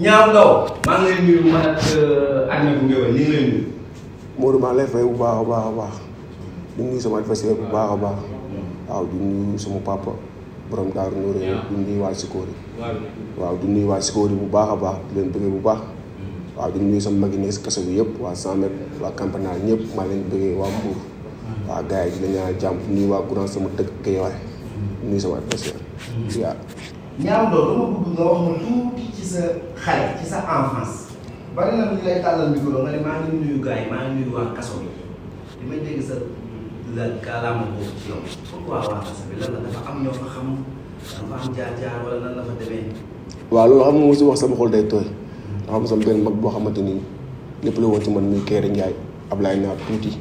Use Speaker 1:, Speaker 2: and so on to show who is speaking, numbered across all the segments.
Speaker 1: ñaaw ndaw maa
Speaker 2: ngi lay nuyu man ak Adama bu Ngéwél ñu lay nuyu.
Speaker 1: Modou maa lay fay bu baax a baax a baax di sama adversaire bu baax a baax waaw di nuyu sama papa borom Daaru Nouré di nuyu waa Sikori waaw di nuyu baax a baax di leen bu baax mm-hmm. waaw di nuyu sama mag yi nekk si kaso bi yëpp waa 100 mètres naa Campanale ñëpp maa leen bëggee waa Mbour mm-hmm. waa gars yi di la ñaan jàmm di nuyu waa Gourane sama dëkk Guédiawaye di nuyu sama adversaire mm-hmm.
Speaker 2: waaw. sa xale ci sa enfance bari na lay tàllal micro nga ne maa ngi nuyu gars maa ngi nuyu waa kaso bi li may dégg sa la kàllaama boobu ci yow pourquoi waa kaso bi lan la dafa am ñoo fa xam dafa am jaar-jaar wala lan la demee.
Speaker 1: waaw loolu xam nga mosu wax sama xol day tooy ndax am benn mag boo xamante ni lépp la woon ci man muy Kéré Ndiaye Ablaye naa tuuti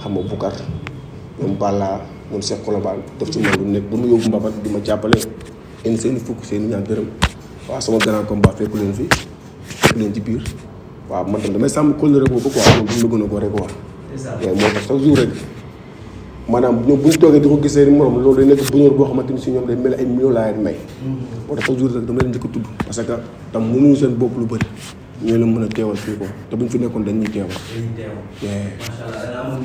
Speaker 1: xam nga Boucar ñoom Balla ñoom Cheikh Colobane def ci man lu nekk ba mu yóbbu Mbabat di ma jàppale. seen fukk seen ñaar waa sama grand combat fekk leen fi fekk leen ci biir waaw man tam damay sàmm kóllëre boobu quoi moom duñ la gën a gore quoi.
Speaker 2: mais moo
Speaker 1: tax chaque jour rek maanaam bu ñu toogee di ko gisee ni morom loolu day nekk bonheur boo xamante ni si ñoom day mel ay millions laa leen may. Mm-hmm. moo tax chaque jour rek dama parce que tam mënuñu seen bopp lu bari ñoo leen mën a teewal fii ko te buñ fi nekkoon dañuy teewal.
Speaker 2: dañuy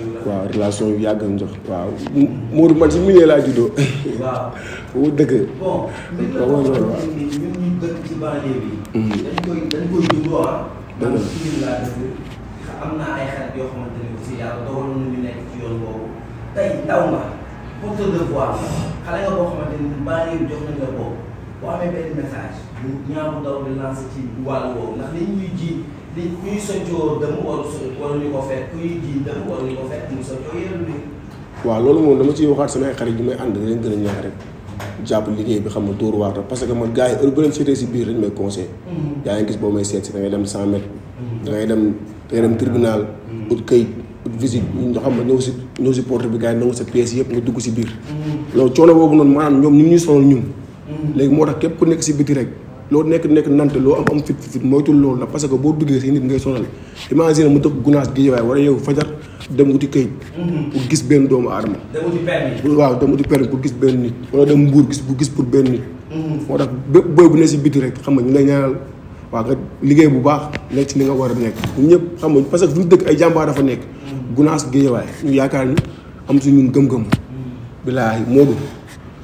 Speaker 2: yu.
Speaker 1: waaw relation yu yàgg nañ jox waaw Modou man si milieu laa juddoo. waaw dëgg. bon
Speaker 2: mbir dëkk ci banlieue bi. Mm-hmm. dañ koy dañ koy dundoo ah. am naa ay nekk ci yoon boobu tey ndaw nga porteur de voix xale nga boo xamante ni banlieue bi jox nañ la boobu boo amee benn message. ñu ñaamu daw di lancé ci a war ñu ko fekk kuy ji dama war a
Speaker 1: waaw loolu moom dama ciy waxaat samay xarit bi may ànd dañ gën a ñaax rek jàpp liggéey bi xam nga dóor waar la parce que man gars yi heure bu leen seetee si biir dañ may conseil mm-hmm. yaa ngi gis boo may seet si da ngay dem 100 mètres. Mm-hmm. da ngay dem tribunal. Mm-hmm. ut këyit ut visite ñu xam nga ñëw si ñëw si porte bi gars yi nangu sa pièce yëpp nga dugg si biir. loolu coono boobu noonu maanaam ñoom ñu ñuy sonal ñun. léegi moo tax képp ku nekk si biti rek loo nekk nekk nante loo am am fit fit moytul loolu la parce que boo duggee si nit ngay sonal imagine mu dëkk gunaas gi waaye a yow fajar dem wuti
Speaker 2: mhm.
Speaker 1: gis benn doomu aadama waaw dem wuti permis pour gis benn nit wala dem mbuur bu gis pour benn nit mhm. moo bépp booy bu ne si biti rek xam nga ñu lay ñaanal waaw nga liggéey bu baax nekk ci li nga war a nekk ñëpp xam nga que fu ñu dëkk ay jàmbaar dafa nekk mhm. gunaas géejawaay ñu yaakaar ni am ñun gëm-gëm bilaahi moodu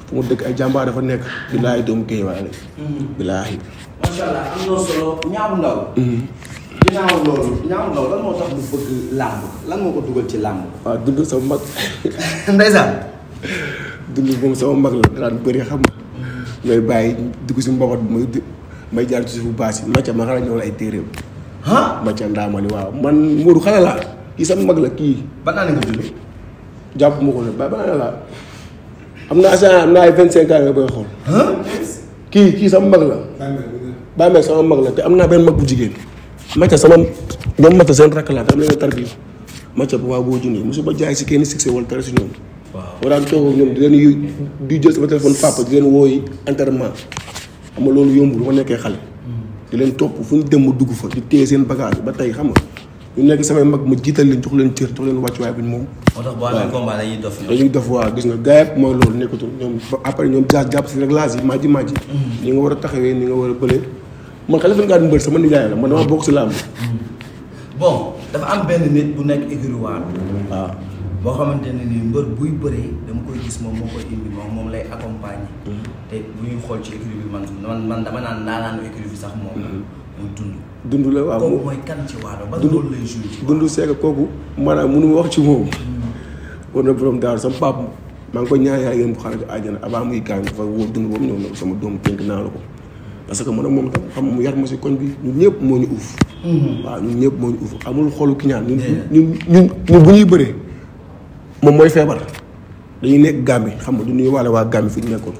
Speaker 1: fu mu ay jàmbaar dafa nekk. billaahi doomu géej
Speaker 2: mm-hmm. mm-hmm. dugal ci làmb. waaw ah, dund sama mag. ndeysaan.
Speaker 1: dund moom sama mag la daan bëri xam nga. bàyyi dugg si mboqat bi muy may jaar ci suufu baas yi. Macha ma xanaa ñëw la ay téeréem. ah Macha Ndaamali waaw man Modou xale laa kii sama mag la kii. ban année nga juddoo. jàpp ma ko ne ba ban laa. am na agent am na ay vingt cinq ans nga koy xool. kii kii sama mag la. bàyyi ma sama mag la te am naa benn mag bu jigéen. Macha sama ñoom Macha seen rakk laa te am na leen tarbiyu Macha bu waa boo junee mosu ba jaay si kenn succès wala dara si ñoom. waaw war a toog ñoom di leen di jël sama téléphone papa di leen wooyi enterrement xam nga loolu yombul ma nekkee xale. Hmm. di leen topp fu ñu dem dugg fa di téye seen bagage ba tey xam nga. ñu nekk samay mag ma jiital leen jox leen cër jox leen wàccuwaay bu ñu moom.
Speaker 2: moo tax boo amee combat dañuy dof. dañuy
Speaker 1: dof waaw gis nga gars mooy loolu nekkatul ñoom après ñoom jàpp jàpp si rek yi maaji maaji. Mm-hmm. ni nga war a taxawee ni nga war a bële. man xale fan ngaa mbër sama nijaay la man damaa bokk si làmb.
Speaker 2: Mm-hmm. bon dafa am benn nit bu nekk écurie Walo. waaw. boo xamante ne nii mbër buy bëree dama koy gis moom moo koy indi moom lay accompagner. Mhm. te xool ci écurie bi man man man dama naan ndaanaanu écurie mhm. la waaw kooku mooy kan ci waalo ba loolu
Speaker 1: lay kooku maanaam mënu ma wax ci moom. Mhm. war na borom daaru sama pap maa ngi ko ñaan yàlla yéen bu xaaral àjjana avant muy gaañ dafa woo sama doom tënk naa la ko parce que man ak moom tam xam mu yar ma si koñ bi ñun ñëpp moo ñu uuf. waaw ñun ñëpp moo ñu uuf amul xolu ki ñaan ñun ñun ñun bu ñuy bëree. moom mooy feebar dañuy nekk Gàmbi xam nga du nuyu waale waa Gàmbi fi ñu nekkoon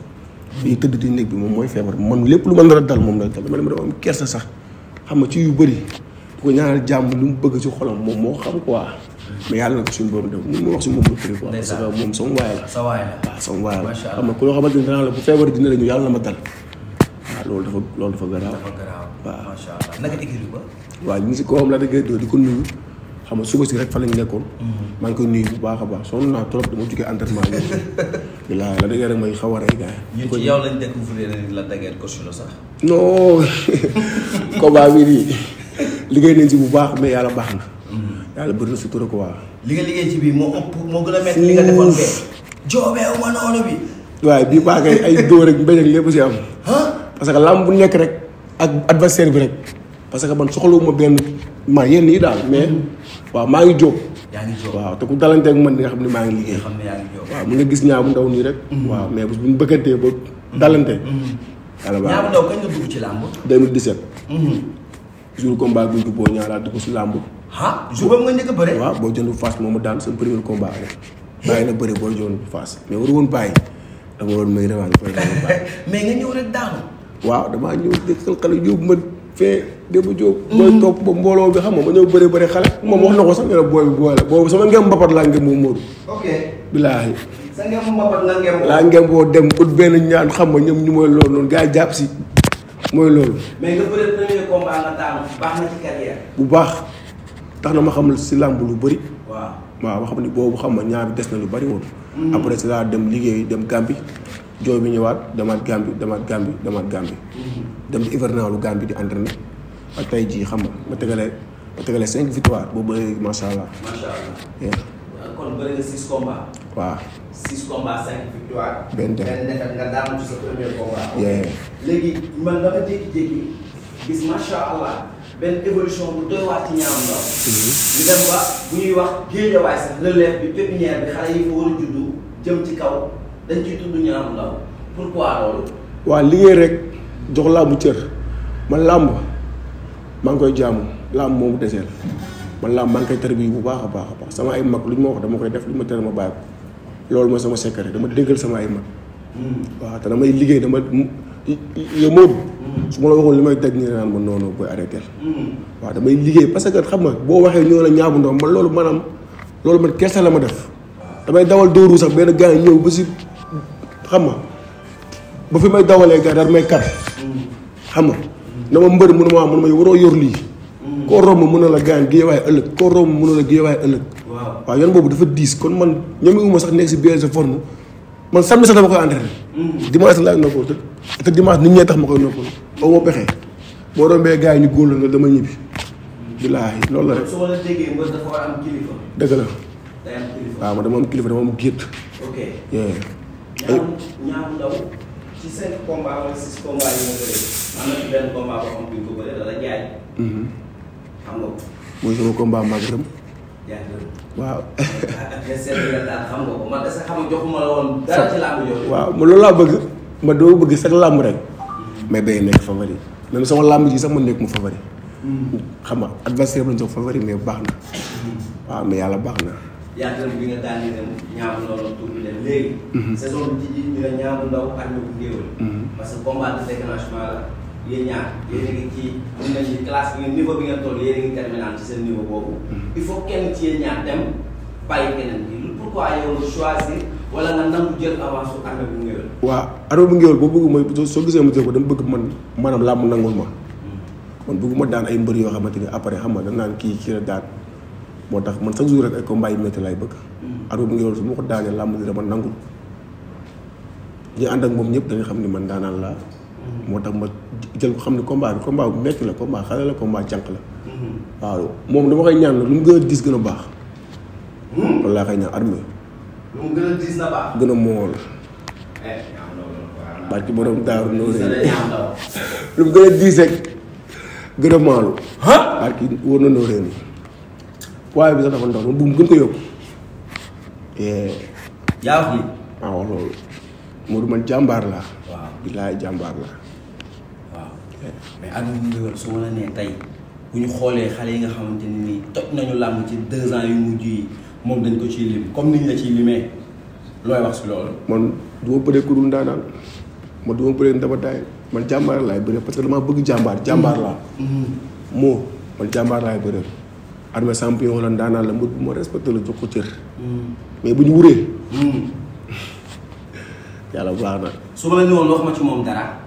Speaker 1: dañuy tëdd di néeg bi moom mooy feebar man lépp lu ma nar a dal moom la dal man ma dama am sax xam nga ci yu bëri bu jàmm lu mu bëgg ci xolam moom moo xam quoi mais yàlla na ko suñu borom lu bëri quoi parce que moom sama waay la sa waay la waaw sama waay la xam nga ku loo xamante ne danaa la dina la ñu yàlla na ma dal waaw ah, loolu dafa loolu dafa garaaw waaw waaw ñu ngi si kawam la dëgg di ko nuyu xam nga suba si rek fan lañ nekkoon. Mm-hmm. maa ngi koy nuyu bu baax a baax sonn naa trop dama jógee entraînement bi. la la dëgg rek a rey gars yi.
Speaker 2: ñun ci yow lañ découvrir
Speaker 1: liggéey nañ si bu baax mais yàlla baax na.
Speaker 2: Mm-hmm.
Speaker 1: yàlla bëri na sutura ko waa. li nga liggéey ci bii moo ëpp moo gën a métti li bi. baax ay dóor ak lépp si am.
Speaker 2: parce
Speaker 1: que lamb bu nekk rek ak adversaire bi rek. parce que man soxlawuma benn ma yenn yi daal mais waaw maa ngi jóg. yaa ngi jóg waaw te ku dalanteeg man di nga xam ne maa ngi liggéey. xam ne yaa ngi jóg waaw mm-hmm. mais ñu bëggantee ba dalante. Mm-hmm. alors waaw ñaabu ndaw kañ mm-hmm. ah, boo jënd Fass moomu daan sa premier combat rek. bàyyi na bëre boo jënd Fass damaa ñëw dégg xale yóbbu ma fee Demba Diop. booy topp ba mbooloo bi xam nga ma ñëw bëre bëre xale. moom wax na ko sax ne la booy bi booy boobu sama ngem mbapat laa ngem moom Modou. ok bilaahi.
Speaker 2: sa
Speaker 1: dem ut benn ñaan xam nga ñoom ñu mooy loolu noonu gars jàpp si mooy loolu.
Speaker 2: mais baax
Speaker 1: bu baax tax na ma xamal si làmb lu bari waaw waaw ma xam ne boobu xam nga ñaar bi des na lu bari woon. Mm. après si laa dem liggéey dem Gambie. jooy bi ñëwaat demaat Gambie demaat Gambie demaat Gambie mm-hmm. dem di hivernal lu Gambie di entraîné ak tey jii xam nga ma tegale ma tegale cinq victoire boobu ba léegi allah. macha
Speaker 2: kon bëri nga six combats. waaw six combats cinq victoire. benn défaite benn défaite nga daanu sa premier combat. léegi man dafa jékki-jékki gis macha allah. benn évolution bu doy waar ci ñaam ndaw. Mm-hmm. ñu dem ba bu ñuy wax géejawaay sax relève bi pépinière bi xale yi fa war a juddu jëm ci kaw. dañ ciy tudd
Speaker 1: liggéey rek jox làmb cër man làmb maa ngi koy jàmm làmb moomu deseel man làmb maa koy tarbi bu baax baax a baax sama ay mag lu ñu ma wax dama koy def lu ñu ma tere ma bàyyi ko loolu mooy sama secret dama déggal sama ay mag. Hmm. waaw te damay liggéey dama yow Modou. Hmm. su ma la waxoon li may daj ñu ne naan ma non non booy arrêté hmm. waaw damay liggéey parce que xam nga boo waxee ñoo la ñaabu ndox man loolu maanaam loolu man kersa la ma def. damay dawal dóoru sax benn gars yi ñëw ba si. xam na ba fi may dawalee gars daal may kar xam nga na ma mbër mënu ma mënu ma waroo yor lii koo romb mën na la gaañ géewaay ëllëg koo romb mën na la géewaay ëllëg waaw yoon boobu dafa diis kon man ñemewuma sax nekk si biir sa forme man samedi sax dama koy entraîné mm. dimanche sax laay noppal te te dimanche nit ñee tax ma koy noppal aw ma pexe boo rombee gars yi ñu góor la nga dama ñibbi billaahi loolu la rek su
Speaker 2: ma la déggee mbër dafa ñaar ñaar ndaw ci cinq mhm. waaw. ak
Speaker 1: loolu laa bëgg ma doo bëgg sax làmb rek. Mhm. mais day nekk favori même sama làmb ji sax ma nekk mu favori. Mhm. xam nga adversaire bi lañ favori mais baax na. waaw mais yàlla baax na.
Speaker 2: yaatal bi nga daal dem ñaabu ndaw la tudd léegi. Mhm. saison bi ci ji ñu ne ñaabu ndaw ak ñoom ngéewal. Mhm. parce que combat de déclenchement la yéen ñaar yéen a ngi ci mun nañ ni classe bi nga niveau bi a ngi terminal ci seen niveau boobu. Mhm. il faut kenn ci yéen ñaar dem bàyyi keneen bi pourquoi yow nga choisir wala nga nangu jël avance su armée bu ngéewal.
Speaker 1: waaw armée bu ngéewal boo bëgg soo gisee ma jël ko dama bëgg man maanaam laa nangul ma. man daan ay mbër yoo xamante ne après xam nga dañ naan kii moo tax man chaque jour rek ay combat yu métti laay bëgg. Hmm. arme bu ngi loolu su ko daanee làmb ji dama nangul ñu ànd moom ñëpp dañu xam ni man daanaan laa. Hmm. moo tax ma jël ko xam ne combat bi bu métti la combat xale la combat jànq hmm. moom dama koy ñaan lu mu gën a diis gën baax. loolu laa koy ñaan
Speaker 2: gën a diis na baax. gën a mool.
Speaker 1: Eh, barki borom daaru na noonu poids bi sax dafa ndaw moom bu mu gën ko yóbbu. Eh,
Speaker 2: man jàmbaar laa. waaw jàmbaar laa. waaw mais Aliou su ma la nee tey bu ñu xoolee xale yi nga xamante ne nii toj nañu ci deux ans yu moom dañ ko ciy comme ni la ciy limee looy wax si loolu. man
Speaker 1: ma bëree ku dul daanaan man du ma laay bëree parce que dama bëgg jàmbaar jàmbaar laa. Mm-hmm. moo man jàmbaar laay bëree. armée champion la ndaanaan la mbër bu ma respecté la jox cër. Hmm. mais bu ñu wuree. Hmm. yàlla
Speaker 2: baax na. su ma la ñu wax ma ci moom dara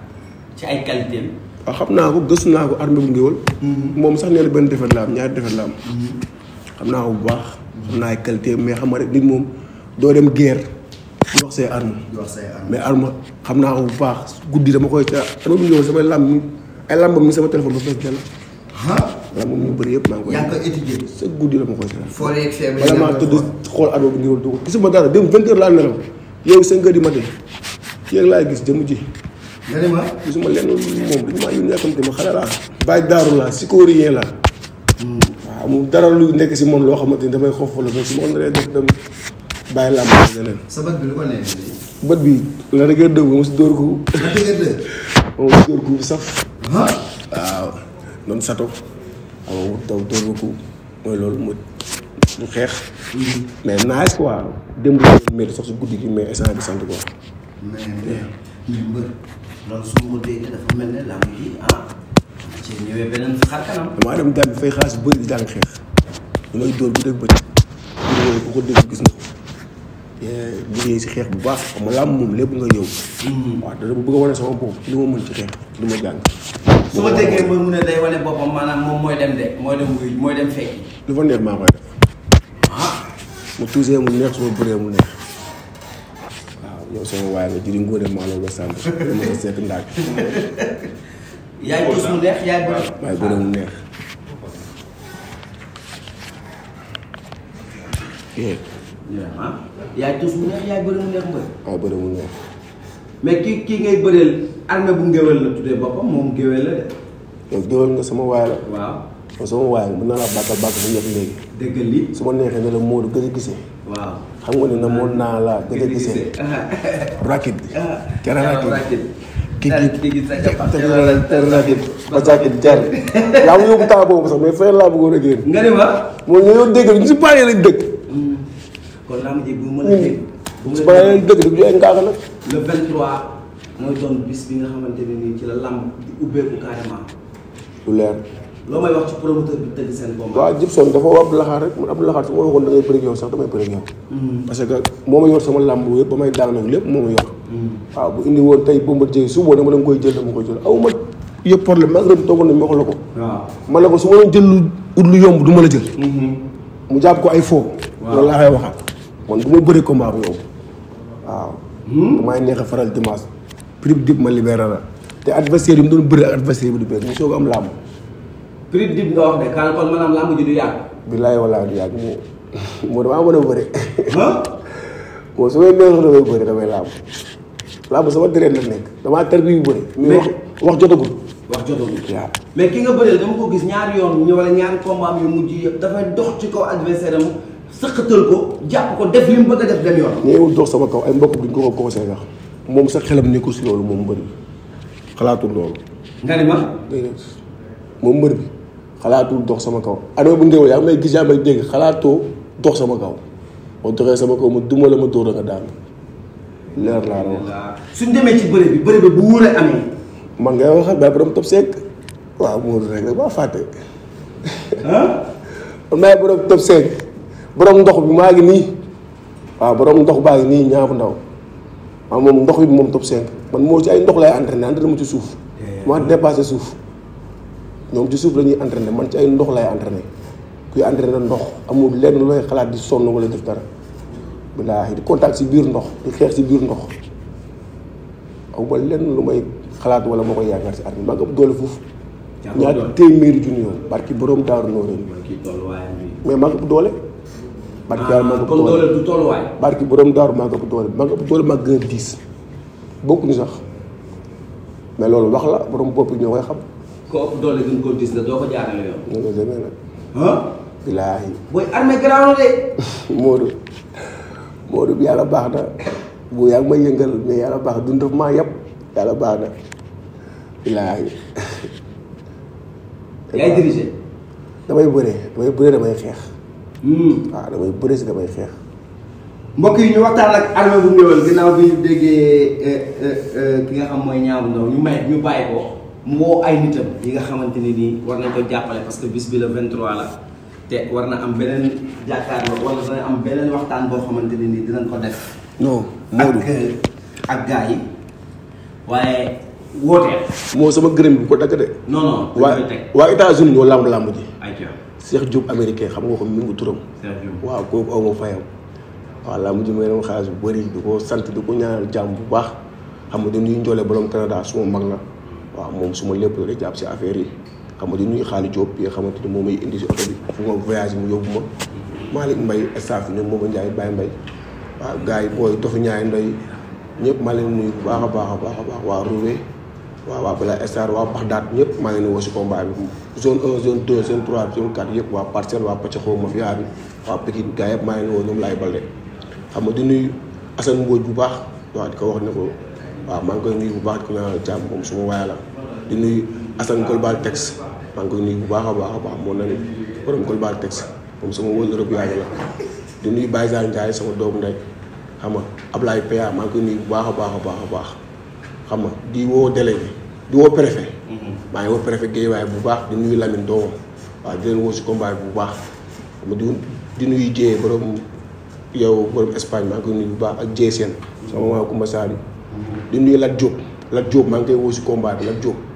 Speaker 2: ci ay qualité am. Ah, xam naa ko
Speaker 1: gëstu naa ko armée bu ngéwël. Hmm. moom sax nee na benn la ñaari defet xam naa bu baax. xam naa ay qualité mais xam nga rek nit moom doo dem guerre. di say arme. mais arme xam naa ko bu baax guddi dama koy ca armée bu ngéwël samay làmb ay mi sama téléphone ba waaw moom mu bëri yëpp maa ngi koy. sa guddi la ma koy seetaan. foo
Speaker 2: leen tëdd
Speaker 1: xool at boobu ngiwul dugg gisuma dara démb vingt heures laa nelaw yow cinq heures du matin ci yéen laay gis jëmu ji. vraiment gisuma lenn moom dañu maa yónni yàkkamte ma xale laa. bàyyi daaru laa sikorien laa. Hmm. waaw amul dara lu nekk si moom loo xamante ni damay xof wala su ma ko naree def dem bàyyi laa ma leneen. sa bët bi lu ko bi la dëgër dëgg moom si dóor ko. la saf. waaw. doon sato xam nga mu daw dóor ba ko mooy loolu mu xeex. mais naaj quoi démb bi mel sax si guddi gi mais instant bi sant quoi.
Speaker 2: mais mais mbër loolu mel ne làmb ji ah. ci ñëwee beneen xar kanam. damaa dem fay xaalis bëri di daan xeex. damay dóor bu dëgg bëri.
Speaker 1: bu ko dégg gis na liggéey si xeex bu baax xam nga làmb lépp nga ñëw. waaw bëgg a wane sama bopp ci li ma mën ci xeex li ma jàng.
Speaker 2: su ma déggee mbër mu ne day ah.
Speaker 1: mu tuusee mu neex su ma bëree mu neex. waaw yow sama waay maa la ko sant ma ko seet ndaag.
Speaker 2: yaay tuus mu neex yaay bëri. waaw mu neex. Eh. ah yaay tus mu bëri oh, mu neex mbër. mais ki kii ngay bëreel armée bu ngéwél la tuddee boppam moom ngéwél la de.
Speaker 1: yow nga sama waay la. waaw kon la mën naa laa bàkkal bàkkal bu ñëpp léegi. dëgg li su ma ne la Modou gën a nga ne na moon naa laa bi.
Speaker 2: Ah. kenn rakit ki ki ki sa jàpp te ba jaakit
Speaker 1: laa bëggoon ne ma. moom ñoo bàyyi
Speaker 2: lañ dëkk. kon làmb ji bu mu mën a hmm. dégg. bu mu la dégg dëgg du ay ngaax la. le 23 mooy doon bis bi nga xamante ne nii ci la làmb di ubbeeku carrément. lu leer. loo may wax ci promoteur bi tëgg seen combat. waaw
Speaker 1: Gibson dafa war Abdou Lakhar rek man Abdou Lakhar su ma sax damay bëri yow. Hmm. parce que moo ma yor sama làmb yëpp may daanaka lépp moo ma yor. Hmm. waaw bu indi tey Bombardier su boobaa dama leen koy jël dama koy jël aw ma yëpp problème maa ngi doon toogoon nañu ma ko la ko. ma ne ko su ma doon jël lu ut lu yomb du la jël. mu jàpp ko ay fo. waaw loolu laa man du ma bëri combat bu yomb hmm? neex a faral dimanche prix dip ma libéré la te adversaire yu mu doon bëri adversaire bi mu du yàgg. bilaay walaay du yàgg moo moo damaa a bëri. moo su may neexoon damay bëri damay làmb làmb sama dërët la nekk damaa tër bi yu bëri. mais wax wax jotagul. wax jotagul waaw.
Speaker 2: mais ki nga bëreel dama ko gis ñaari yoon wala ñaari combat yu mujj yëpp dafay dox ci kaw adversaire am. sëqatal ko jàpp ko def li mu bëgg a def dem yoon.
Speaker 1: ñëwul dox sama kaw ay mbokk duñ ko ko conseil wax moom sax xelam ni ko loolu moom mbër bi xalaatul dox sama kaw adama bu ndew yaa may gis yaa may dégg xalaatoo dox sama kaw ma doxee sama kaw ma duma la ma dóor a nga daan leer laa la wax. suñ demee ci bi bëre bi bu wóoree amee. man ngay waxal ba borom top cinq waaw mu rek rek ba fàtte. ah. man maay top cinq. borom ndox bi maa ngi nii waaw borom ndox baa ngi nii bu ndaw waaw moom ndox bi moom top 5 man moo si ay ndox lay entraîné entraîné mu ci suuf. Eh. maa dépassé suuf ñoom ci suuf la ñuy entraîné man ci ay ndox lay entraîné kuy entraîné ndox amul lenn looy xalaat di sonn wala def dara bilaahi di contact si biir ndox di xeex si biir ndox aw ba lenn lu may xalaat wala moo koy yaakaar si at mi maa ngi ëpp doole foofu. ñaar téeméeri junni yoon barki borom daaru barki daaru maa ko kon doole du tolluwaay. barki borom daaru maa ko ëpp doole maa ko ëpp doole maa gën a diis bokkuñu sax mais loolu wax la borom bopp ñoo koy xam.
Speaker 2: ko ëpp doole gën koo diis nag doo ko jaarale yoon.
Speaker 1: bi yàlla baax na
Speaker 2: bu yaa may yëngal
Speaker 1: mais yàlla baax dund daf maa yàpp na bilaahi. damay bëree damay bëree damay xeex. waaw hmm. ah, damay bëri si damay xeex.
Speaker 2: mbokk yi ñu waxtaan ak Armé bu Ngéweul ginnaaw bi déggee eh, eh, eh, ki nga xam mooy ñaabu ndaw ñu may ñu bàyyi ko mu woo ay nitam yi nga xamante ni nii war nañ ko jàppale parce que bis bi la 23 la te war na am beneen jàkkaarloo wala dana am beneen waxtaan boo xamante ne nii dinañ ko def. non Modou ak ak yi waaye wooteel. moo sama gërëm bi ko dagg de. non non
Speaker 1: waaye waaye états ñoo làmb làmb ji. Cheikh job américain xam nga ko mi ngi turam. waaw kooku aw ma fayam. waaw laa mujj may xaalis bu bëri di ko sant du ko ñaanal jàmm bu baax xam nga di nuyu Ndiolé borom Canada suma mag la waaw moom suma lépp la di jàpp si affaire yi xam nga di nuyu xaalis Diop bi nga xamante ni moom may indi si fu ma voyage mu yóbbu ma. mbay Mbaye staff ñoom Momadou Ndiaye mbay Mbaye waaw gars yi booy Dofu Ndiaye Ndoye ñëpp maa leen nuyu bu baax a baax a baax waa Roué. waaw waa Bala Estar waa Baxdaat ñëpp maa ngi leen woo si combat bi zone 1 zone 2 zone 3 zone 4 yëpp waa Parcelles waa Pacaxoo Mafia bi waa Pikine gars maa ngi leen woo ñoom xam nga di nuyu Assane Mbodj bu baax waaw di ko wax ne ko waaw maa ngi koy nuyu bu baax di ko ñaanal jàmm moom suma waay di nuyu Assane Colbal Tex maa ngi koy nuyu bu baax a baax a baax moo na ni borom Colbal Tex moom sama wëllëg bu yàgg la di nuyu Baye Zane Ndiaye sama doomu ndey xam nga Ablaye Paya maa ngi baax a baax a baax a baax xam nga di woo délégué di woo préfet. maa ngi woo préfet Guédiawaye bu baax di nuyu Lamine doomam waaw di leen woo si combat bi bu baax xam nga di nuyu Dieng borom yow borom Espagne maa ngi koy nuyu bu baax ak Dieng seen sama waa Koumba Sali di nuyu Lat Diop Lat Diop maa ngi koy woo si combat bi Lat Diop.